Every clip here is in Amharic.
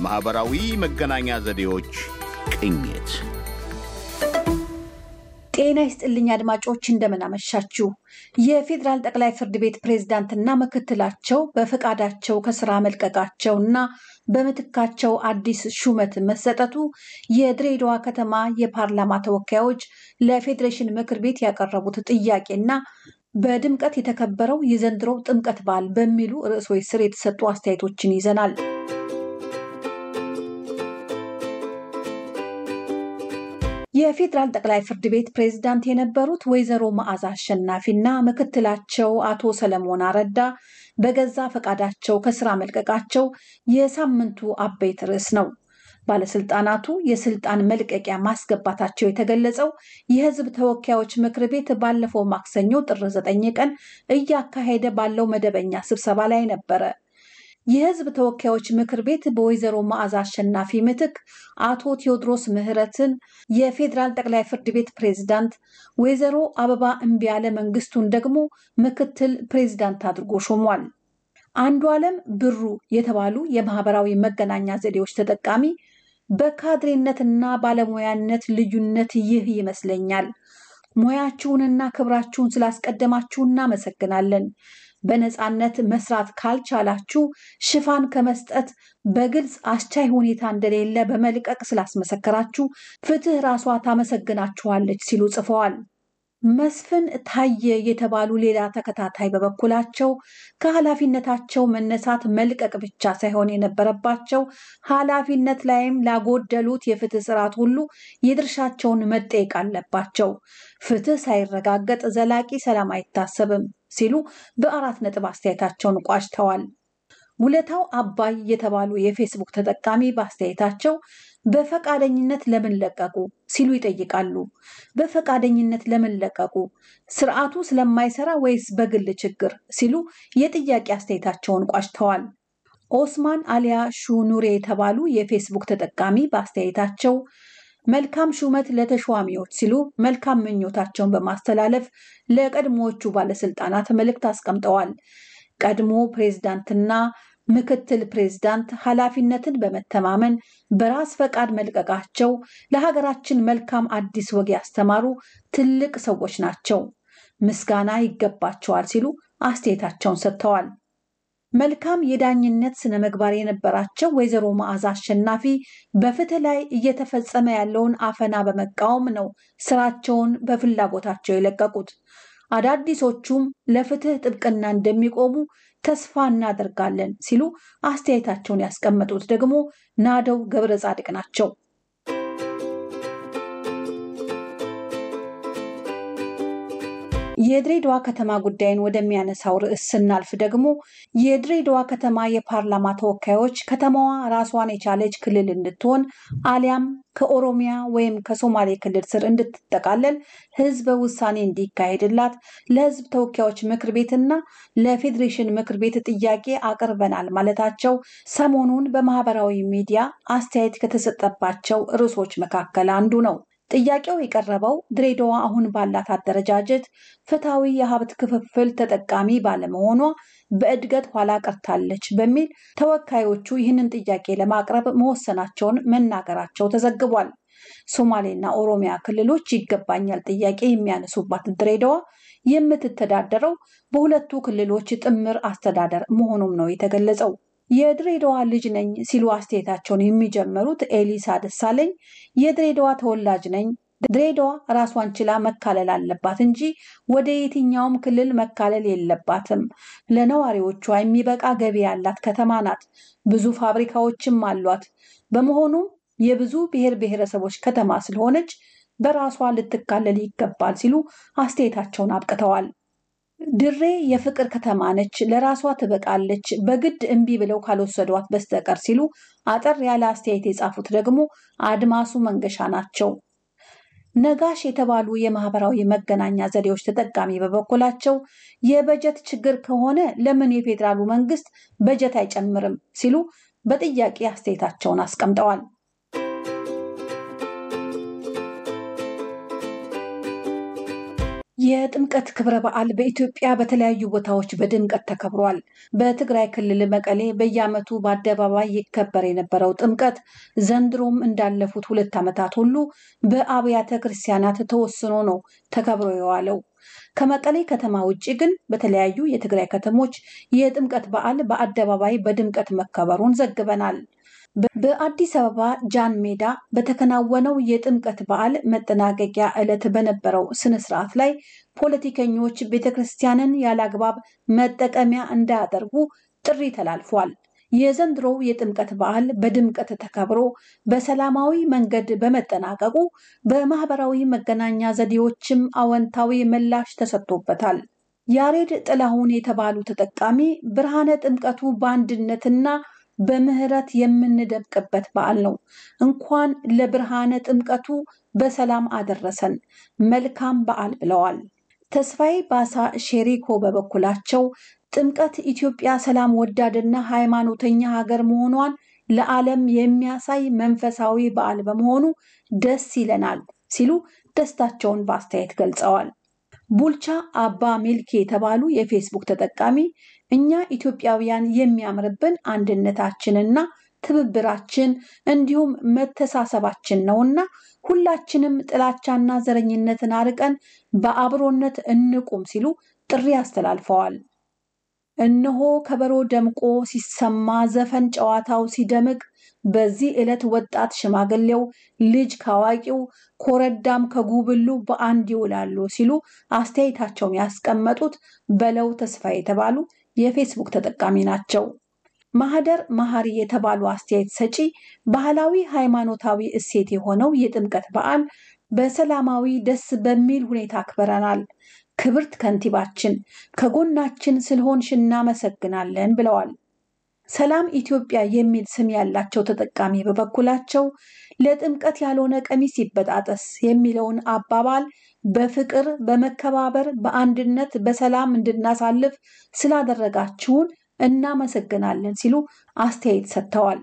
የማኅበራዊ መገናኛ ዘዴዎች ቅኝት። ጤና ይስጥልኝ አድማጮች፣ እንደምናመሻችሁ። የፌዴራል ጠቅላይ ፍርድ ቤት ፕሬዝዳንትና ምክትላቸው በፈቃዳቸው ከስራ መልቀቃቸውና በምትካቸው አዲስ ሹመት መሰጠቱ የድሬዳዋ ከተማ የፓርላማ ተወካዮች ለፌዴሬሽን ምክር ቤት ያቀረቡት ጥያቄና በድምቀት የተከበረው የዘንድሮው ጥምቀት በዓል በሚሉ ርዕሶች ስር የተሰጡ አስተያየቶችን ይዘናል። የፌዴራል ጠቅላይ ፍርድ ቤት ፕሬዝዳንት የነበሩት ወይዘሮ መዓዛ አሸናፊና ምክትላቸው አቶ ሰለሞን አረዳ በገዛ ፈቃዳቸው ከስራ መልቀቃቸው የሳምንቱ አበይት ርዕስ ነው። ባለስልጣናቱ የስልጣን መልቀቂያ ማስገባታቸው የተገለጸው የሕዝብ ተወካዮች ምክር ቤት ባለፈው ማክሰኞ ጥር ዘጠኝ ቀን እያካሄደ ባለው መደበኛ ስብሰባ ላይ ነበረ። የህዝብ ተወካዮች ምክር ቤት በወይዘሮ መዓዛ አሸናፊ ምትክ አቶ ቴዎድሮስ ምህረትን፣ የፌዴራል ጠቅላይ ፍርድ ቤት ፕሬዝዳንት፣ ወይዘሮ አበባ እምቢያለ መንግስቱን ደግሞ ምክትል ፕሬዝዳንት አድርጎ ሾሟል። አንዱ ዓለም ብሩ የተባሉ የማህበራዊ መገናኛ ዘዴዎች ተጠቃሚ በካድሬነትና ባለሙያነት ልዩነት ይህ ይመስለኛል። ሙያችሁንና ክብራችሁን ስላስቀደማችሁ እናመሰግናለን። በነፃነት መስራት ካልቻላችሁ ሽፋን ከመስጠት በግልጽ አስቻይ ሁኔታ እንደሌለ በመልቀቅ ስላስመሰከራችሁ ፍትህ ራሷ ታመሰግናችኋለች ሲሉ ጽፈዋል። መስፍን ታየ የተባሉ ሌላ ተከታታይ በበኩላቸው ከኃላፊነታቸው መነሳት መልቀቅ ብቻ ሳይሆን የነበረባቸው ኃላፊነት ላይም ላጎደሉት የፍትህ ስርዓት ሁሉ የድርሻቸውን መጠየቅ አለባቸው። ፍትህ ሳይረጋገጥ ዘላቂ ሰላም አይታሰብም። ሲሉ በአራት ነጥብ አስተያየታቸውን ቋጭተዋል። ውለታው አባይ የተባሉ የፌስቡክ ተጠቃሚ በአስተያየታቸው በፈቃደኝነት ለምን ለቀቁ ሲሉ ይጠይቃሉ። በፈቃደኝነት ለምን ለቀቁ? ስርዓቱ ስለማይሰራ ወይስ በግል ችግር ሲሉ የጥያቄ አስተያየታቸውን ቋጭተዋል። ኦስማን አሊያ ሹኑሬ የተባሉ የፌስቡክ ተጠቃሚ በአስተያየታቸው መልካም ሹመት ለተሿሚዎች ሲሉ መልካም ምኞታቸውን በማስተላለፍ ለቀድሞዎቹ ባለስልጣናት መልእክት አስቀምጠዋል። ቀድሞ ፕሬዝዳንትና ምክትል ፕሬዝዳንት ኃላፊነትን በመተማመን በራስ ፈቃድ መልቀቃቸው ለሀገራችን መልካም አዲስ ወግ ያስተማሩ ትልቅ ሰዎች ናቸው፣ ምስጋና ይገባቸዋል ሲሉ አስተያየታቸውን ሰጥተዋል። መልካም የዳኝነት ስነ ምግባር የነበራቸው ወይዘሮ መዓዛ አሸናፊ በፍትህ ላይ እየተፈጸመ ያለውን አፈና በመቃወም ነው ስራቸውን በፍላጎታቸው የለቀቁት። አዳዲሶቹም ለፍትህ ጥብቅና እንደሚቆሙ ተስፋ እናደርጋለን ሲሉ አስተያየታቸውን ያስቀመጡት ደግሞ ናደው ገብረ ጻድቅ ናቸው። የድሬዳዋ ከተማ ጉዳይን ወደሚያነሳው ርዕስ ስናልፍ ደግሞ የድሬዳዋ ከተማ የፓርላማ ተወካዮች ከተማዋ ራሷን የቻለች ክልል እንድትሆን አሊያም ከኦሮሚያ ወይም ከሶማሌ ክልል ስር እንድትጠቃለል ህዝበ ውሳኔ እንዲካሄድላት ለህዝብ ተወካዮች ምክር ቤትና ለፌዴሬሽን ምክር ቤት ጥያቄ አቅርበናል ማለታቸው ሰሞኑን በማህበራዊ ሚዲያ አስተያየት ከተሰጠባቸው ርዕሶች መካከል አንዱ ነው። ጥያቄው የቀረበው ድሬዳዋ አሁን ባላት አደረጃጀት ፍትሐዊ የሀብት ክፍፍል ተጠቃሚ ባለመሆኗ በእድገት ኋላ ቀርታለች በሚል ተወካዮቹ ይህንን ጥያቄ ለማቅረብ መወሰናቸውን መናገራቸው ተዘግቧል። ሶማሌና ኦሮሚያ ክልሎች ይገባኛል ጥያቄ የሚያነሱባት ድሬዳዋ የምትተዳደረው በሁለቱ ክልሎች ጥምር አስተዳደር መሆኑም ነው የተገለጸው። የድሬዳዋ ልጅ ነኝ ሲሉ አስተያየታቸውን የሚጀምሩት ኤሊሳ ደሳለኝ የድሬዳዋ ተወላጅ ነኝ፣ ድሬዳዋ ራሷን ችላ መካለል አለባት እንጂ ወደ የትኛውም ክልል መካለል የለባትም። ለነዋሪዎቿ የሚበቃ ገቢ ያላት ከተማ ናት። ብዙ ፋብሪካዎችም አሏት። በመሆኑም የብዙ ብሔር ብሔረሰቦች ከተማ ስለሆነች በራሷ ልትካለል ይገባል ሲሉ አስተያየታቸውን አብቅተዋል። ድሬ የፍቅር ከተማ ነች፣ ለራሷ ትበቃለች፣ በግድ እምቢ ብለው ካልወሰዷት በስተቀር ሲሉ አጠር ያለ አስተያየት የጻፉት ደግሞ አድማሱ መንገሻ ናቸው። ነጋሽ የተባሉ የማህበራዊ መገናኛ ዘዴዎች ተጠቃሚ በበኩላቸው የበጀት ችግር ከሆነ ለምን የፌዴራሉ መንግስት በጀት አይጨምርም ሲሉ በጥያቄ አስተያየታቸውን አስቀምጠዋል። የጥምቀት ክብረ በዓል በኢትዮጵያ በተለያዩ ቦታዎች በድምቀት ተከብሯል። በትግራይ ክልል መቀሌ በየዓመቱ በአደባባይ ይከበር የነበረው ጥምቀት ዘንድሮም እንዳለፉት ሁለት ዓመታት ሁሉ በአብያተ ክርስቲያናት ተወስኖ ነው ተከብሮ የዋለው። ከመቀሌ ከተማ ውጭ ግን በተለያዩ የትግራይ ከተሞች የጥምቀት በዓል በአደባባይ በድምቀት መከበሩን ዘግበናል። በአዲስ አበባ ጃን ሜዳ በተከናወነው የጥምቀት በዓል መጠናቀቂያ ዕለት በነበረው ስነ ስርዓት ላይ ፖለቲከኞች ቤተ ክርስቲያንን ያለ አግባብ መጠቀሚያ እንዳያደርጉ ጥሪ ተላልፏል። የዘንድሮው የጥምቀት በዓል በድምቀት ተከብሮ በሰላማዊ መንገድ በመጠናቀቁ በማህበራዊ መገናኛ ዘዴዎችም አወንታዊ ምላሽ ተሰጥቶበታል። ያሬድ ጥላሁን የተባሉ ተጠቃሚ ብርሃነ ጥምቀቱ በአንድነትና በምህረት የምንደምቅበት በዓል ነው። እንኳን ለብርሃነ ጥምቀቱ በሰላም አደረሰን፣ መልካም በዓል ብለዋል። ተስፋዬ ባሳ ሼሪኮ በበኩላቸው ጥምቀት ኢትዮጵያ ሰላም ወዳድና ሃይማኖተኛ ሀገር መሆኗን ለዓለም የሚያሳይ መንፈሳዊ በዓል በመሆኑ ደስ ይለናል ሲሉ ደስታቸውን በአስተያየት ገልጸዋል። ቡልቻ አባ ሚልክ የተባሉ የፌስቡክ ተጠቃሚ እኛ ኢትዮጵያውያን የሚያምርብን አንድነታችንና ትብብራችን እንዲሁም መተሳሰባችን ነውና ሁላችንም ጥላቻና ዘረኝነትን አርቀን በአብሮነት እንቁም ሲሉ ጥሪ አስተላልፈዋል። እነሆ ከበሮ ደምቆ ሲሰማ፣ ዘፈን ጨዋታው ሲደምቅ በዚህ ዕለት ወጣት ሽማግሌው፣ ልጅ ካዋቂው፣ ኮረዳም ከጉብሉ በአንድ ይውላሉ ሲሉ አስተያየታቸውን ያስቀመጡት በለው ተስፋ የተባሉ የፌስቡክ ተጠቃሚ ናቸው። ማህደር መሐሪ የተባሉ አስተያየት ሰጪ ባህላዊ ሃይማኖታዊ እሴት የሆነው የጥምቀት በዓል በሰላማዊ ደስ በሚል ሁኔታ አክብረናል። ክብርት ከንቲባችን ከጎናችን ስለሆንሽ እናመሰግናለን ብለዋል። ሰላም ኢትዮጵያ የሚል ስም ያላቸው ተጠቃሚ በበኩላቸው ለጥምቀት ያልሆነ ቀሚስ ይበጣጠስ የሚለውን አባባል በፍቅር፣ በመከባበር፣ በአንድነት፣ በሰላም እንድናሳልፍ ስላደረጋችሁን እናመሰግናለን ሲሉ አስተያየት ሰጥተዋል።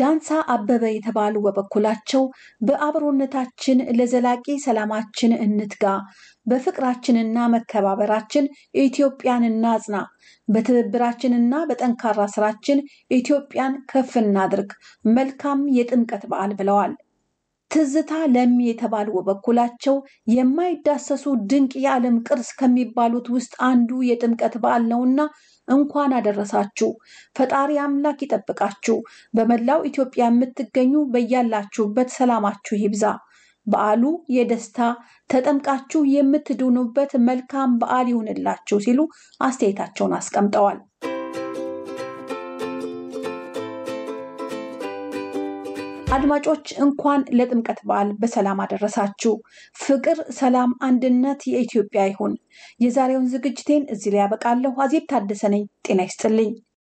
ዳንሳ አበበ የተባሉ በበኩላቸው በአብሮነታችን ለዘላቂ ሰላማችን እንትጋ፣ በፍቅራችንና መከባበራችን ኢትዮጵያን እናጽና፣ በትብብራችንና በጠንካራ ስራችን ኢትዮጵያን ከፍ እናድርግ፣ መልካም የጥምቀት በዓል ብለዋል። ትዝታ ለሚ የተባሉ በበኩላቸው የማይዳሰሱ ድንቅ የዓለም ቅርስ ከሚባሉት ውስጥ አንዱ የጥምቀት በዓል ነውና እንኳን አደረሳችሁ። ፈጣሪ አምላክ ይጠብቃችሁ። በመላው ኢትዮጵያ የምትገኙ በያላችሁበት ሰላማችሁ ይብዛ። በዓሉ የደስታ ተጠምቃችሁ የምትድኑበት መልካም በዓል ይሁንላችሁ ሲሉ አስተያየታቸውን አስቀምጠዋል። አድማጮች እንኳን ለጥምቀት በዓል በሰላም አደረሳችሁ። ፍቅር፣ ሰላም፣ አንድነት የኢትዮጵያ ይሁን። የዛሬውን ዝግጅቴን እዚህ ላይ ያበቃለሁ። አዜብ ታደሰ ነኝ። ጤና ይስጥልኝ።